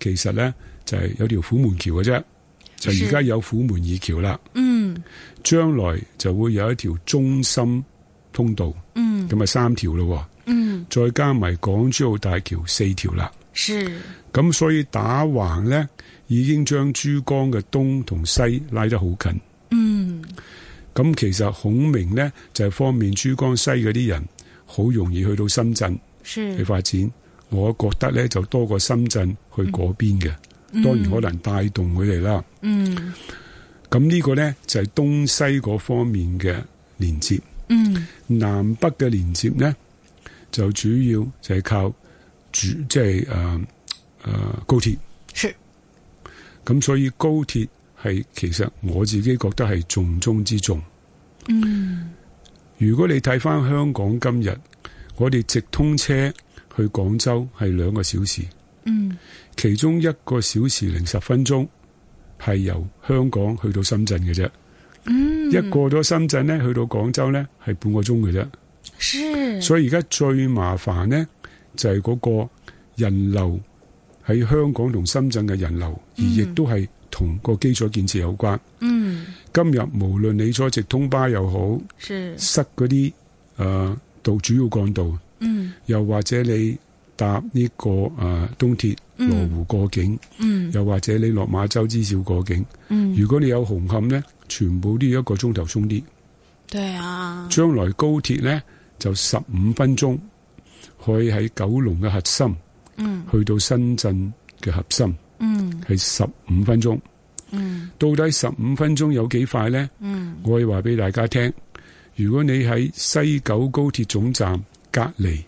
其實咧就係、是，有條虎門橋嘅啫，就而家有虎門二橋啦。嗯，將來就會有一條中心通道。嗯，咁啊三條咯。嗯，再加埋港珠澳大橋，四條啦。是。咁所以打橫咧，已經將珠江嘅東同西拉得好近。嗯。咁其實孔明咧就係、是，方便珠江西嗰啲人，好容易去到深圳去發展。我覺得咧就多過深圳去嗰邊嘅，嗯嗯、當然可能帶動佢哋啦。嗯，咁呢個咧就係、是、東西嗰方面嘅連接。嗯，南北嘅連接咧就主要就係靠住即係誒誒高鐵。咁是所以高鐵係其實我自己覺得係重中之重。嗯。如果你睇返香港今日，我哋直通車。去廣州係兩個小時，嗯，其中一個小時零十分鐘係由香港去到深圳嘅啫，嗯，一過咗深圳咧，去到廣州咧係半個鐘嘅啫，是，所以而家最麻煩咧就係嗰個人流喺香港同深圳嘅人流，而亦都係同個基礎建設有關，嗯，今日無論你坐直通巴又好，是塞嗰啲誒到主要幹道。嗯，又或者你搭呢、這個誒、呃、東鐵羅湖過境，嗯，嗯又或者你落馬洲至少過境，嗯，如果你有紅磡呢，全部都要一個鐘頭鬆啲，對啊。將來高鐵呢，就十五分鐘可以喺九龍嘅核心，嗯，去到深圳嘅核心，嗯，係十五分鐘。嗯，到底十五分鐘有幾快呢？嗯，我可以話俾大家聽，如果你喺西九高鐵總站。隔籬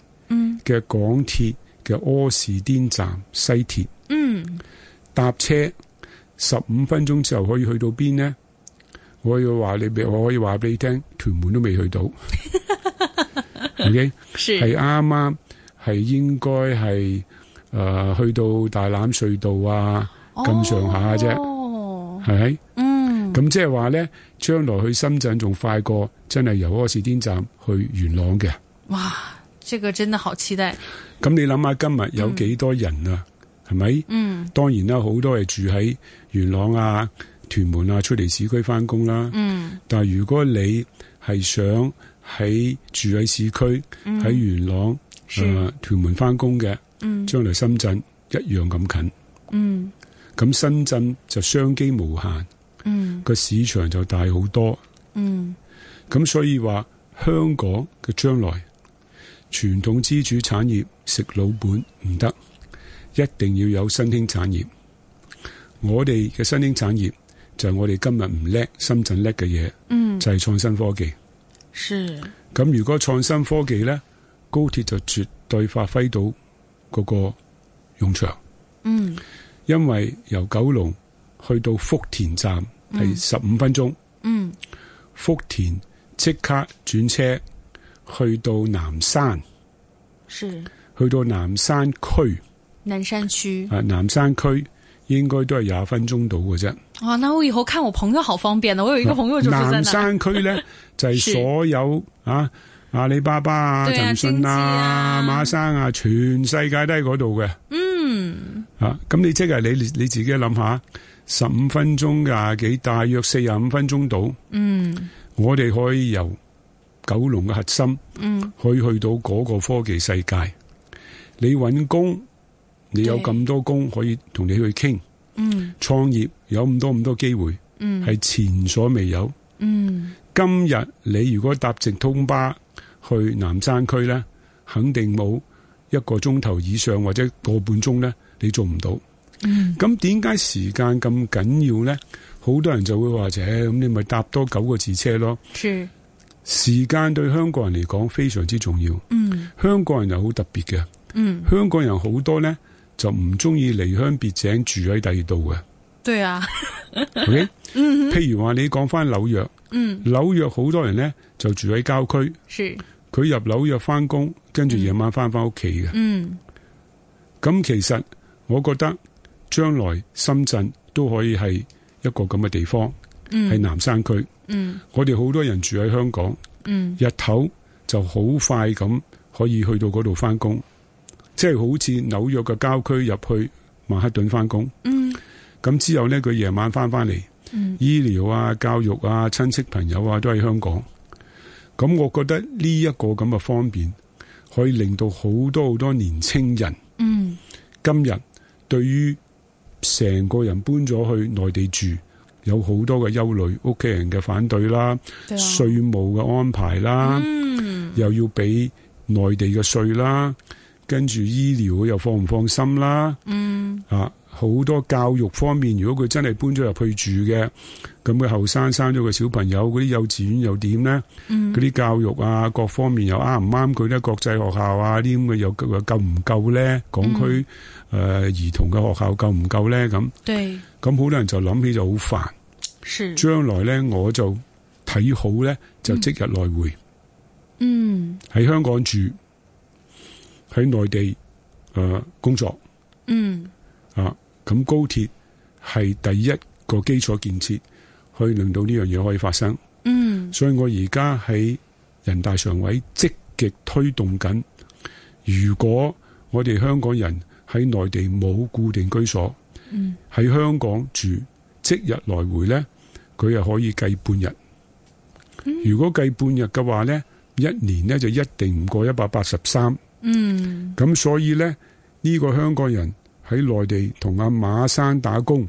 嘅港鐵嘅柯士甸站，西鐵嗯、搭車十五分鐘之後可以去到邊呢？我可以話你，我可以話俾你聽，屯門都未去到，OK，係啱啱係應該係誒去到大欖隧道啊咁上下啫，係咪、哦？嗯，咁即係話咧，將來去深圳仲快過真係由柯士甸站去元朗嘅。哇，這個真的好期待！咁你諗下，今日有幾多人啊？係咪？嗯，當然啦，好多係住喺元朗啊、屯門啊出嚟市區翻工啦。嗯，但係如果你係想喺住喺市區，喺元朗誒屯門翻工嘅，嗯，將來深圳一樣咁近。嗯，咁深圳就商機無限。嗯，個市場就大好多。嗯，咁所以話香港嘅將來。傳統支柱產業食老本唔得，一定要有新興產業。我哋嘅新興產業就係、是、我哋今日唔叻，深圳叻嘅嘢，嗯、就係創新科技。是咁，如果創新科技呢，高鐵就絕對發揮到嗰個用場。嗯，因為由九龍去到福田站係十五分鐘。嗯，福田即刻轉車。去到南山，是去到南山區，南山區啊，南山區應該都係廿分鐘到嘅啫。哇，那我以後看我朋友好方便啊！我有一個朋友就南山區咧，就係、是、所有 是啊，阿里巴巴啊、騰訊啊、啊啊馬生啊，全世界都喺嗰度嘅。嗯，啊，咁你即係你你自己諗下，十五分鐘廿幾，大約四十五分鐘到。嗯，我哋可以由。九龍嘅核心，嗯、可以去到嗰個科技世界。你揾工，你有咁多工可以同你去傾。創業、嗯、有咁多咁多機會，係、嗯、前所未有。嗯、今日你如果搭直通巴去南山區咧，肯定冇一個鐘頭以上或者個半鐘咧，你做唔到。咁點解時間咁緊要咧？好多人就會話：誒，咁你咪搭多九個字車咯。時間對香港人嚟講非常之重要。嗯，香港人又好特別嘅。嗯，香港人好多呢，就唔中意離鄉別井住喺第二度嘅。對啊 譬如話你講翻紐約，嗯，紐約好多人呢，就住喺郊區。佢是入紐約翻工，跟住夜晚翻翻屋企嘅。嗯。咁其實我覺得將來深圳都可以係一個咁嘅地方，喺、嗯、南山區。嗯，我哋好多人住喺香港，嗯、日頭就好快咁可以去到嗰度翻工，即係好似紐約嘅郊區入去曼哈頓翻工，嗯，咁之後呢，佢夜晚翻翻嚟，嗯、醫療啊、教育啊、親戚朋友啊都喺香港，咁我覺得呢一個咁嘅方便，可以令到好多好多年輕人，嗯，今日對於成個人搬咗去內地住。有好多嘅憂慮，屋企人嘅反對啦，對吧？稅務嘅安排啦，嗯、又要俾內地嘅稅啦，跟住醫療又放唔放心啦，嗯、啊，好多教育方面，如果佢真係搬咗入去住嘅，咁佢後生生咗個小朋友，嗰啲幼稚園又點咧？嗰啲、嗯、教育啊，各方面又啱唔啱佢咧？國際學校啊，啲咁嘅又夠唔夠咧？港區誒、嗯呃、兒童嘅學校夠唔夠咧？咁。對咁好多人就諗起就好煩。將是來呢，我就睇好呢，就即日來回嗯。嗯，喺香港住，喺內地誒工作。嗯，啊，咁高鐵係第一個基礎建設，去令到呢樣嘢，可以發生。嗯，所以我而家喺人大常委積極推動緊。如果我哋香港人喺內地冇固定居所，嗯，喺香港住即日來回呢，佢又可以計半日。如果計半日嘅話呢，一年呢就一定唔過一百八十三。嗯，咁所以呢，呢、呢個香港人喺內地同阿馬山打工，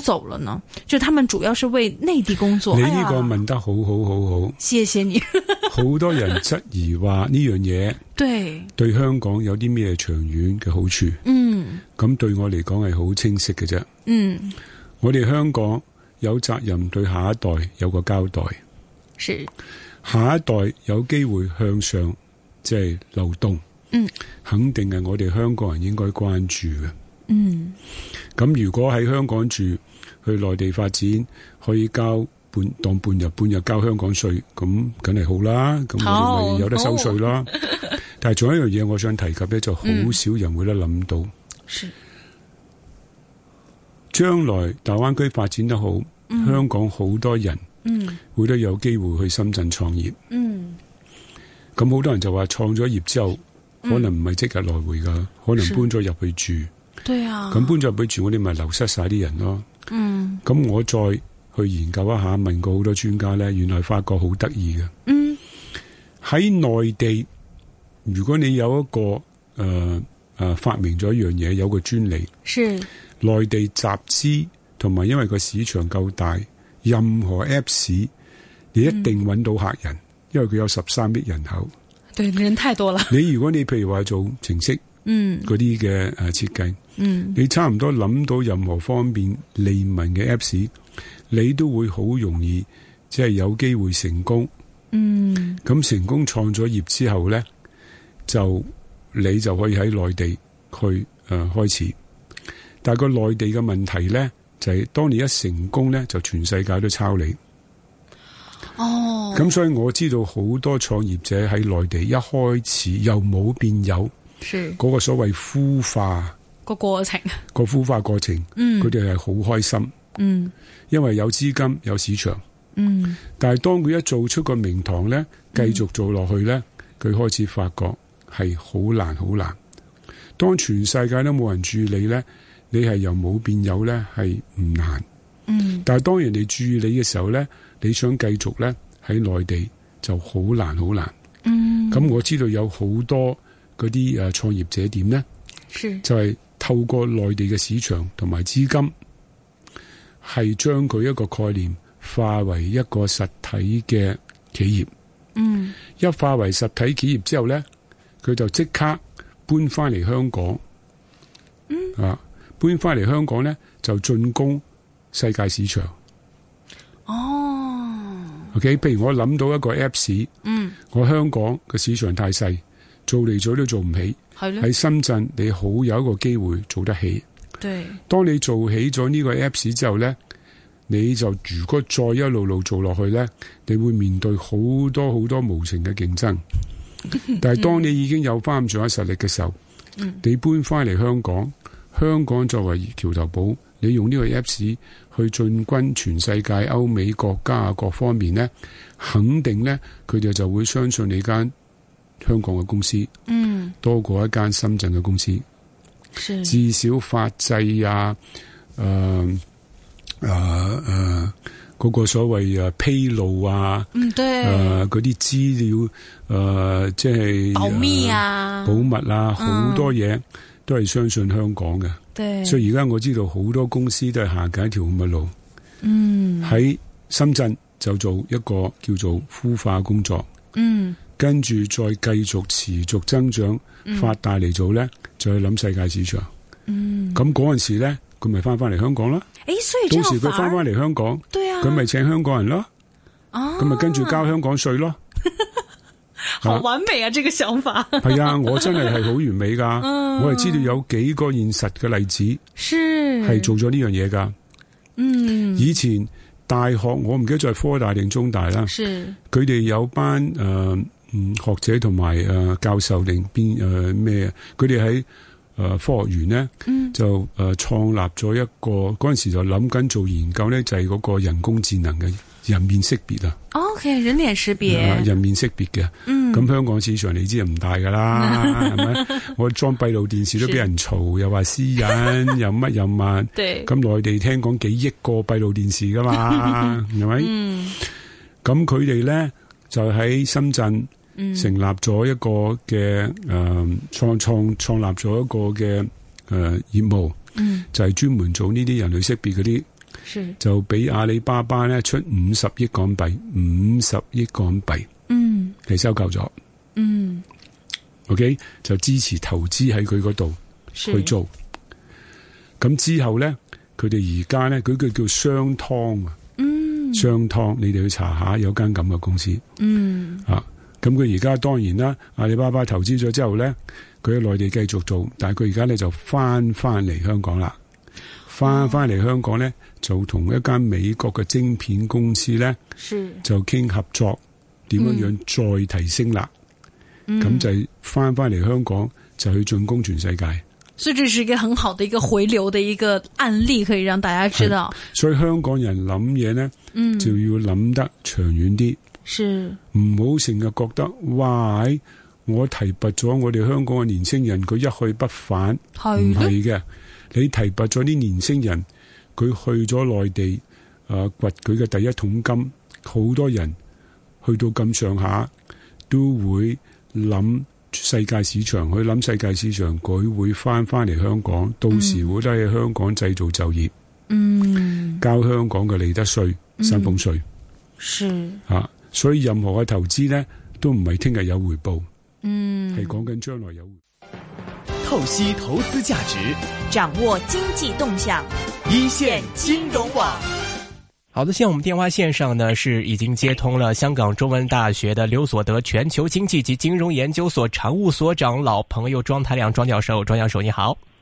走咗呢？就他們主要是為內地工作。你呢個問得好好好好、哎，謝謝你。好 多人質疑話呢樣嘢，對對香港有啲咩長遠嘅好處？嗯，咁對我嚟講係好清晰嘅啫。嗯，我哋香港有責任對下一代有個交代，是下一代有機會向上即係、就是、流動，嗯，肯定係我哋香港人應該關注嘅。嗯，咁如果喺香港住去內地發展，可以交半當半日半日交香港稅，咁梗係好啦，咁我哋咪有得收稅啦。哦、 但係仲有一樣嘢，我想提及咧，就好少人會得諗到。將、嗯、來大灣區發展得好，嗯、香港好多人，會得有機會去深圳創業。嗯，咁好多人就話創咗業之後，嗯、可能唔係即日來回噶，是可能搬咗入去住。對啊，咁、嗯、搬咗俾住我哋，咪流失晒啲人咯。嗯，咁我再去研究一下，問過好多專家咧，原來發覺好得意嘅。嗯，喺內地，如果你有一個誒誒、呃啊、發明咗一樣嘢，有個專利，是內地集資同埋，因為個市場夠大，任何 Apps 你一定揾到客人，嗯、因為佢有十三億人口。對，人太多啦，你如果你譬如話做程式。嗯，嗰啲嘅、誒設計，嗯，你差唔多諗到任何方便利民嘅 apps，你都會好容易即係、就是、有機會成功，嗯，咁成功創咗業之後咧，就你就可以喺內地去誒、呃、開始。但係個內地嘅問題咧，就係、是、當你一成功咧，就全世界都抄你，哦，咁所以我知道好多創業者喺內地一開始又冇變有。嗰個所謂孵化個過程，個孵化過程，嗯，佢哋係好開心，嗯，因為有資金有市場，嗯，但係當佢一做出個名堂咧，繼續做落去咧，佢、嗯、開始發覺係好難，好難。當全世界都冇人注意你咧，你係由冇變有咧，係唔難，嗯。但係當人哋注意你嘅時候咧，你想繼續咧喺內地就好難，好難，嗯。咁我知道有好多。嗰啲誒，創業者點咧？是就係透過內地嘅市場同埋資金，係將佢一個概念化為一個實體嘅企業。嗯，一化為實體企業之後咧，佢就即刻搬翻嚟香港。嗯，啊，搬翻嚟香港咧，就進攻世界市場。哦，OK，譬如我諗到一個 apps，嗯，我香港嘅市場太細。做嚟做都做唔起，喺的深圳你好有一個機會做得起。對，當你做起咗呢個 apps 之後咧，你就如果再一路路做落去咧，你會面對好多好多無情嘅競爭。但係當你已經有翻咁上下實力嘅時候，嗯、你搬翻嚟香港，香港作為橋頭堡，你用呢個 apps 去進軍全世界歐美國家各方面咧，肯定咧，佢哋就會相信你間。香港嘅公司，嗯，多過一間深圳嘅公司，是至少法制啊，誒誒誒，嗰、呃呃那個所謂誒、啊、披露啊，對，誒嗰啲資料誒、呃，即係保密啊，啊，保密啊，好多嘢都係相信香港嘅，對，所以而家我知道好多公司都係行緊一條咁嘅路，嗯，喺深圳就做一個叫做孵化工作，嗯。跟住再繼續持續增長，發大嚟做咧，再去諗世界市場。咁嗰陣時咧，佢咪翻翻嚟香港啦。誒，所以到時佢翻翻嚟香港，佢咪請香港人咯。咁咪跟住交香港稅咯。好完美啊！這個想法係啊，我真係係好完美噶。我係知道有幾個現實嘅例子，係做咗呢樣嘢噶。嗯，以前大學我唔記得係科大定中大啦。是，佢哋有班誒。嗯，學者同埋啊教授定邊誒咩？佢哋喺誒科學院呢，就誒創立咗一個嗰陣時就諗緊做研究呢，就係嗰個人工智能嘅人面識別啊。O K，人臉識別，人面識別嘅。嗯。咁香港市場你知唔大噶啦，係咪？我裝閉路電視都俾人嘈，又話私隱，又乜又乜。對。咁內地聽講幾億個閉路電視噶嘛，係咪？咁佢哋呢，就喺深圳。嗯、成立咗一個嘅誒創創創立咗一個嘅誒業務，呃嗯、就係專門做呢啲人類識別嗰啲，是就俾阿里巴巴咧出五十億港幣，五十億港幣，嗯，嚟收購咗，嗯，OK 就支持投資喺佢嗰度去做。咁是之後咧，佢哋而家咧佢佢叫商湯啊，嗯、商湯，你哋去查下有間咁嘅公司，嗯啊。咁佢而家當然啦，阿里巴巴投資咗之後咧，佢喺內地繼續做，但係佢而家咧就翻翻嚟香港啦，翻翻嚟香港咧就同一間美國嘅晶片公司咧，是就傾合作點樣樣再提升啦。咁、嗯、就翻翻嚟香港就去進攻全世界。所以，這是一個很好的一個回流嘅一個案例，可以讓大家知道。所以香港人諗嘢呢，就要諗得長遠啲。唔好成日覺得，喂，我提拔咗我哋香港嘅年青人，佢一去不返，唔係嘅。你提拔咗啲年青人，佢去咗內地，啊、呃，掘佢嘅第一桶金，好多人去到咁上下，都會諗世界市場，佢諗世界市場，佢會翻翻嚟香港，到時會都喺香港製造就業，嗯，交香港嘅利得稅、薪俸稅，是、啊所以任何嘅投資呢，都唔係聽日有回報，係講緊將來有回報。回透析投資價值，掌握經濟動向，一線金融網。好的，現在我們電話線上呢，是已經接通了香港中文大學的劉佐德全球經濟及金融研究所常務所長，老朋友莊太量莊教授，莊教授你好。